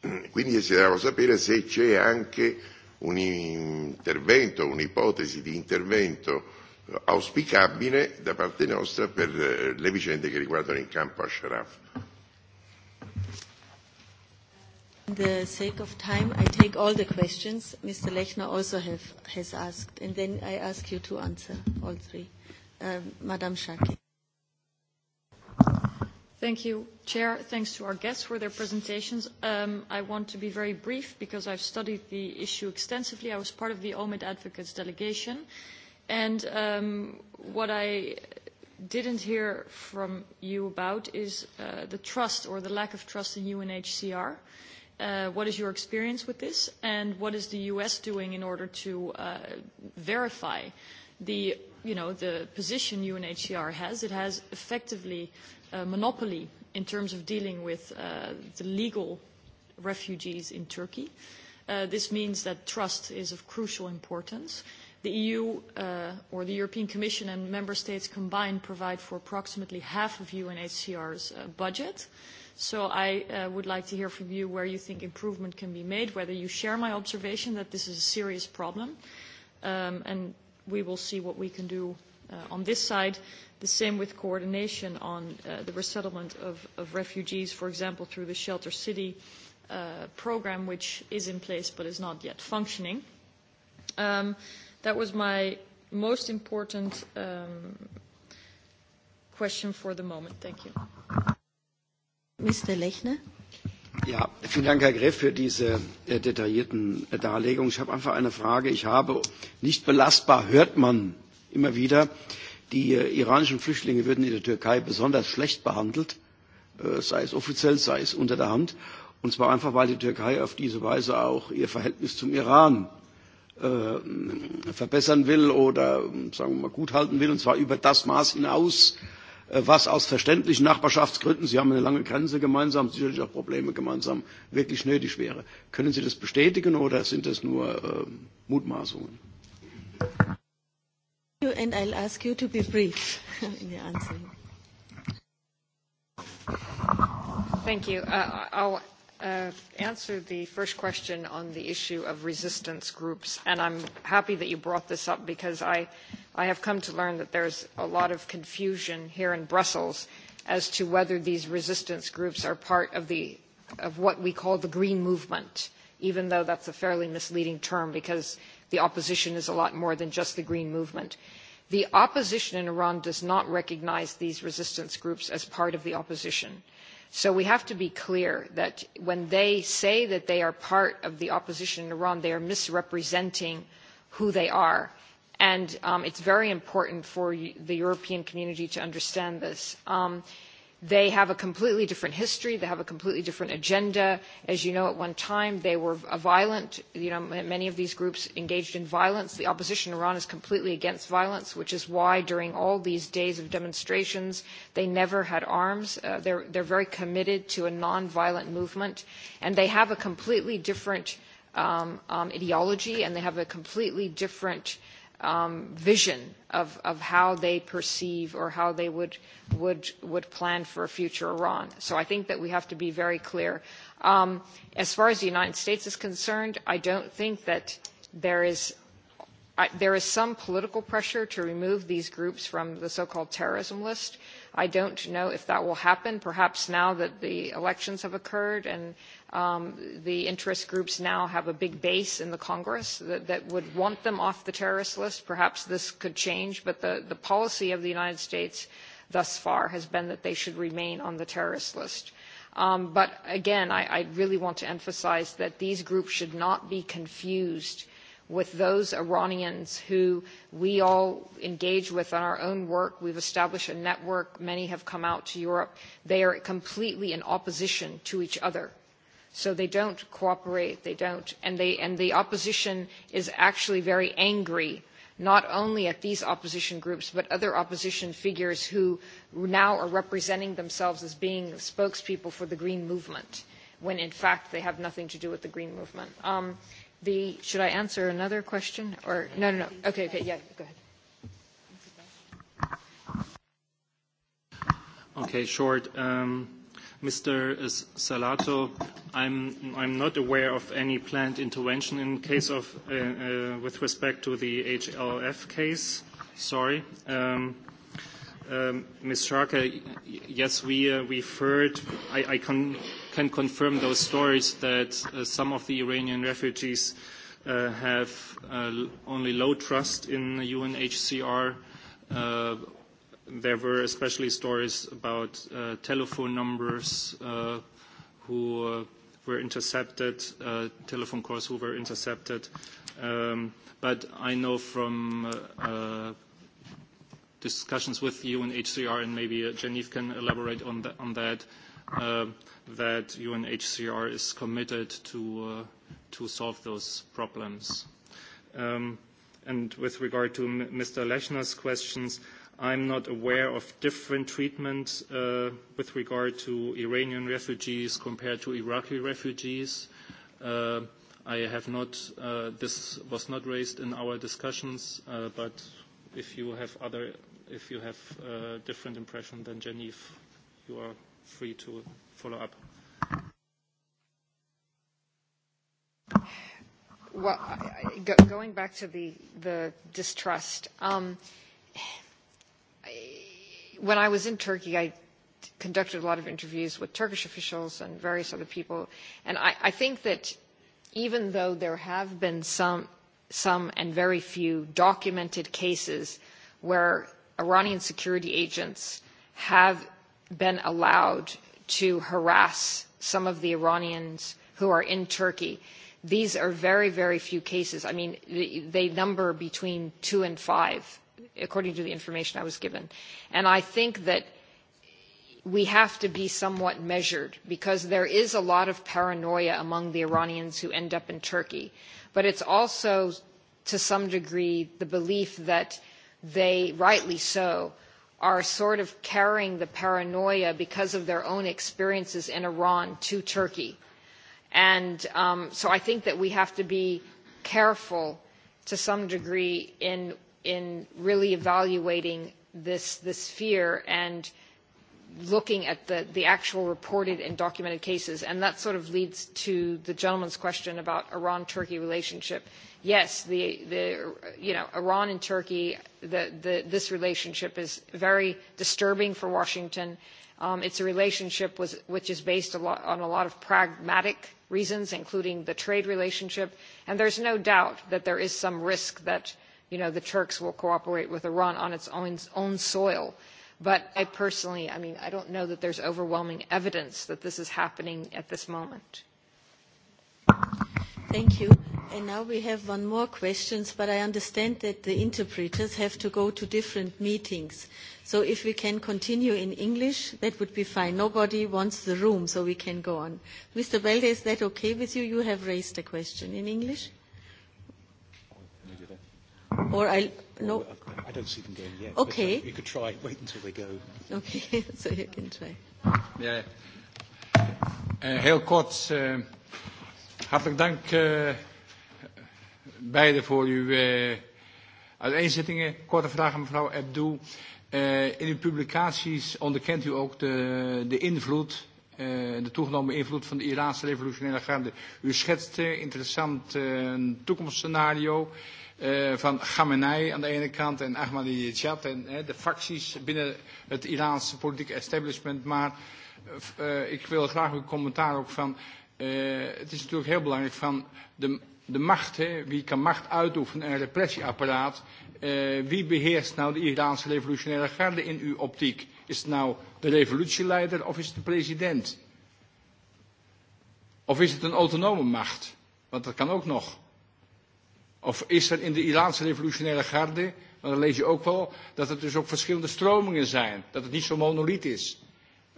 Quindi desideravo sapere se c'è anche un intervento, un'ipotesi di intervento auspicabile da parte nostra per eh, le vicende che riguardano il campo Ashraf. In the sake of time, I take all the questions Mr. Lechner also have, has asked, and then I ask you to answer all three. Um, Madam Shaki. Thank you, Chair. Thanks to our guests for their presentations. Um, I want to be very brief because I've studied the issue extensively. I was part of the OMID Advocates delegation. Uh, And um, what I didn't hear from you about is uh, the trust or the lack of trust in UNHCR. Uh, what is your experience with this, and what is the U.S. doing in order to uh, verify the, you know, the position UNHCR has? It has effectively a monopoly in terms of dealing with uh, the legal refugees in Turkey. Uh, this means that trust is of crucial importance. Uh, The EU uh, or the European Commission and member states combined provide for approximately half of UNHCR's uh, budget. So I uh, would like to hear from you where you think improvement can be made, whether you share my observation that this is a serious problem, um, and we will see what we can do uh, on this side. The same with coordination on uh, the resettlement of, of refugees, for example, through the Shelter City uh, program, which is in place but is not yet functioning. Um, That was my most important um, question for the moment. Thank you. Mr. Lechner? Ja, vielen Dank, Herr Greff, für diese äh, detaillierten äh, Darlegungen. Ich habe einfach eine Frage. Ich habe nicht belastbar, hört man immer wieder, die äh, iranischen Flüchtlinge würden in der Türkei besonders schlecht behandelt, äh, sei es offiziell, sei es unter der Hand. Und zwar einfach, weil die Türkei auf diese Weise auch ihr Verhältnis zum Iran Äh, verbessern will oder sagen wir mal gut halten will, und zwar über das Maß hinaus, äh, was aus verständlichen Nachbarschaftsgründen, Sie haben eine lange Grenze gemeinsam, sicherlich auch Probleme gemeinsam, wirklich nötig wäre. Können Sie das bestätigen oder sind das nur äh, Mutmaßungen? And I'll ask you to be brief in your answer. Thank you. Uh, I'll Uh, answer the first question on the issue of resistance groups, and I'm happy that you brought this up because I, I have come to learn that there's a lot of confusion here in Brussels as to whether these resistance groups are part of, the, of what we call the green movement, even though that's a fairly misleading term because the opposition is a lot more than just the green movement. The opposition in Iran does not recognize these resistance groups as part of the opposition So we have to be clear that when they say that they are part of the opposition in Iran, they are misrepresenting who they are. And um, it's very important for the European community to understand this. Um, They have a completely different history. They have a completely different agenda. As you know, at one time, they were a violent, you know, many of these groups engaged in violence. The opposition in Iran is completely against violence, which is why during all these days of demonstrations, they never had arms. Uh, they're, they're very committed to a nonviolent movement. And they have a completely different um, um, ideology, and they have a completely different um, vision of, of how they perceive or how they would, would, would plan for a future Iran. So I think that we have to be very clear. Um, as far as the United States is concerned, I don't think that there is I, there is some political pressure to remove these groups from the so-called terrorism list. I don't know if that will happen. Perhaps now that the elections have occurred and um, the interest groups now have a big base in the Congress that, that would want them off the terrorist list, perhaps this could change. But the, the policy of the United States thus far has been that they should remain on the terrorist list. Um, but again, I, I really want to emphasize that these groups should not be confused with those Iranians who we all engage with on our own work. We've established a network. Many have come out to Europe. They are completely in opposition to each other. So they don't cooperate, they don't, and, they, and the opposition is actually very angry not only at these opposition groups, but other opposition figures who now are representing themselves as being spokespeople for the Green Movement, when in fact they have nothing to do with the Green Movement. Um, The, should I answer another question? Or, no, no, no. Okay, okay, yeah, go ahead. Okay, short. Um, Mr. Salato, I'm, I'm not aware of any planned intervention in case of, uh, uh, with respect to the HLF case. Sorry. Um, Um, Ms. Sharka, yes, we, uh, we've heard, I, I can, can confirm those stories that uh, some of the Iranian refugees uh, have uh, only low trust in UNHCR. Uh, there were especially stories about uh, telephone numbers uh, who uh, were intercepted, uh, telephone calls who were intercepted. Um, but I know from uh, uh, discussions with UNHCR, and maybe uh, Genève can elaborate on, the, on that, uh, that UNHCR is committed to, uh, to solve those problems. Um, and with regard to M Mr. Lechner's questions, I'm not aware of different treatment uh, with regard to Iranian refugees compared to Iraqi refugees. Uh, I have not, uh, this was not raised in our discussions, uh, but if you have other if you have a different impression than Genève, you are free to follow up. Well, I, I, go, going back to the, the distrust, um, I, when I was in Turkey, I conducted a lot of interviews with Turkish officials and various other people, and I, I think that even though there have been some, some and very few documented cases where Iranian security agents have been allowed to harass some of the Iranians who are in Turkey. These are very, very few cases. I mean, they number between two and five, according to the information I was given. And I think that we have to be somewhat measured because there is a lot of paranoia among the Iranians who end up in Turkey. But it's also, to some degree, the belief that – they, rightly so, are sort of carrying the paranoia because of their own experiences in Iran to Turkey. And um, so I think that we have to be careful to some degree in, in really evaluating this, this fear and – looking at the, the actual reported and documented cases. And that sort of leads to the gentleman's question about Iran-Turkey relationship. Yes, the, the, you know, Iran and Turkey, the, the, this relationship is very disturbing for Washington. Um, it's a relationship was, which is based a lot, on a lot of pragmatic reasons, including the trade relationship. And there's no doubt that there is some risk that you know, the Turks will cooperate with Iran on its own, own soil But I personally, I mean, I don't know that there's overwhelming evidence that this is happening at this moment. Thank you. And now we have one more question, but I understand that the interpreters have to go to different meetings. So if we can continue in English, that would be fine. Nobody wants the room, so we can go on. Mr. Belde, is that okay with you? You have raised a question in English. Or I'll no. I don't see them going yet. Okay. But, uh, you could try. Wait until they go. Okay, so you can try. Yeah. Uh, heel kort. Uh, hartelijk dank uh, beiden voor uw uh, uiteenzettingen. Korte vraag aan mevrouw Abdou. Uh, in uw publicaties onderkent u ook de, de invloed de toegenomen invloed van de Iraanse revolutionaire garde. U schetst uh, interessant uh, een toekomstscenario. Uh, Eh, van Khamenei aan de ene kant en Ahmadinejad en uh, de facties binnen het Iraanse politieke establishment. Maar uh, ik wil graag uw commentaar ook van, uh, het is natuurlijk heel belangrijk van de, de macht, hè, wie kan macht uitoefenen, een repressieapparaat. Uh, wie beheerst nou de Iraanse revolutionaire garde in uw optiek? Is het nou de revolutieleider of is het de president? Of is het een autonome macht? Want dat kan ook nog. Of is er in de Iraanse revolutionaire garde, want dan lees je ook wel, dat er dus ook verschillende stromingen zijn. Dat het niet zo monoliet is.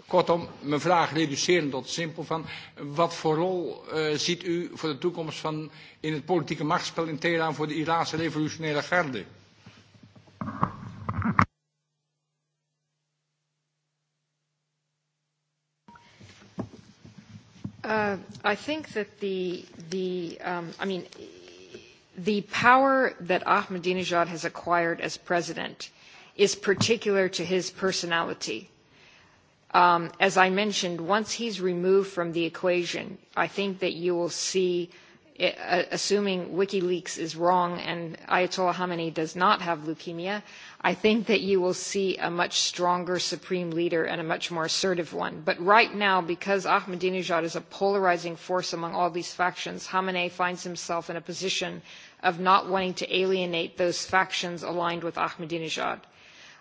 Kortom, mijn vraag reduceren tot simpel van, wat voor rol uh, ziet u voor de toekomst van in het politieke machtsspel in Teheran voor de Iraanse revolutionaire garde? Uh, I think that the, the um, I mean, the power that Ahmadinejad has acquired as president is particular to his personality. Um, as I mentioned, once he's removed from the equation, I think that you will see Uh, assuming WikiLeaks is wrong and Ayatollah Khamenei does not have leukemia, I think that you will see a much stronger supreme leader and a much more assertive one. But right now, because Ahmadinejad is a polarizing force among all these factions, Khamenei finds himself in a position of not wanting to alienate those factions aligned with Ahmadinejad.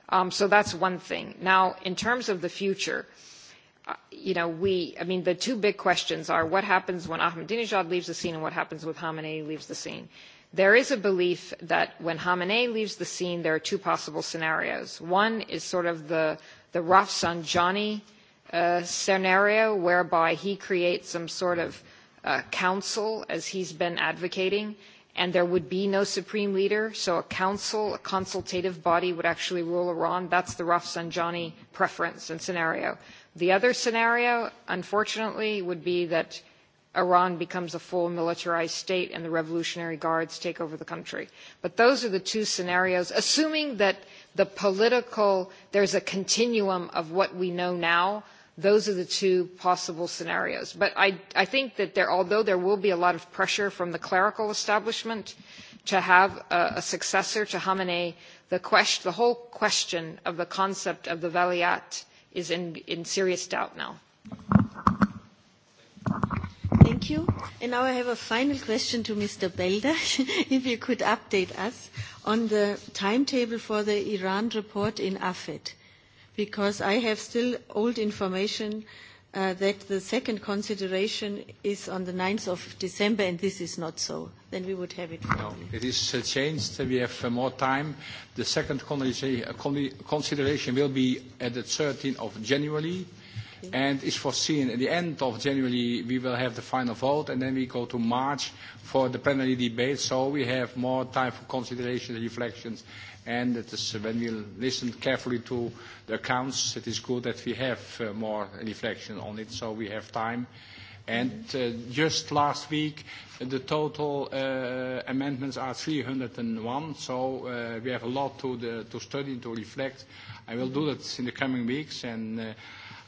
Um, so that's one thing. Now, in terms of the future, uh, Uh, you know, we, I mean, the two big questions are what happens when Ahmadinejad leaves the scene and what happens when Khamenei leaves the scene. There is a belief that when Khamenei leaves the scene, there are two possible scenarios. One is sort of the, the Rafsanjani uh, scenario, whereby he creates some sort of uh, council, as he's been advocating, and there would be no supreme leader, so a council, a consultative body would actually rule Iran. That's the Rafsanjani preference and scenario. The other scenario, unfortunately, would be that Iran becomes a full militarized state and the Revolutionary Guards take over the country. But those are the two scenarios, assuming that the political, there's a continuum of what we know now, those are the two possible scenarios. But I, I think that there, although there will be a lot of pressure from the clerical establishment to have a, a successor to Khamenei, the, quest, the whole question of the concept of the Valiat is in, in serious doubt now. Thank you. And now I have a final question to Mr. Belder, if you could update us on the timetable for the Iran report in AFED, because I have still old information uh, that the second consideration is on the 9th of December, and this is not so. Then we would have it. No, it is uh, changed. We have uh, more time. The second con uh, con consideration will be at the 13th of January and it's foreseen at the end of January we will have the final vote and then we go to March for the plenary debate so we have more time for consideration and reflections and it is when we listen carefully to the accounts it is good that we have uh, more reflection on it so we have time and uh, just last week the total uh, amendments are 301 so uh, we have a lot to, the, to study to reflect I will do that in the coming weeks and uh,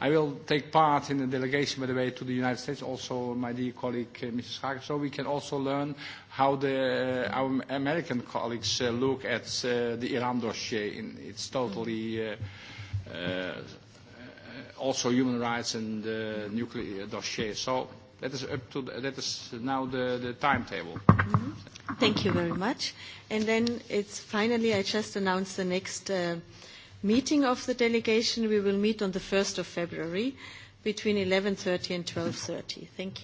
I will take part in the delegation, by the way, to the United States, also my dear colleague, uh, Mrs. Hager, so we can also learn how the, uh, our American colleagues uh, look at uh, the Iran dossier in its totally uh, uh, uh also human rights and uh, nuclear dossier. So that is up to the, that is now the, the timetable. Mm -hmm. Thank you very much. And then it's finally I just announced the next. Uh, meeting of the delegation. We will meet on the 1st of February between 11.30 and 12.30. Thank you.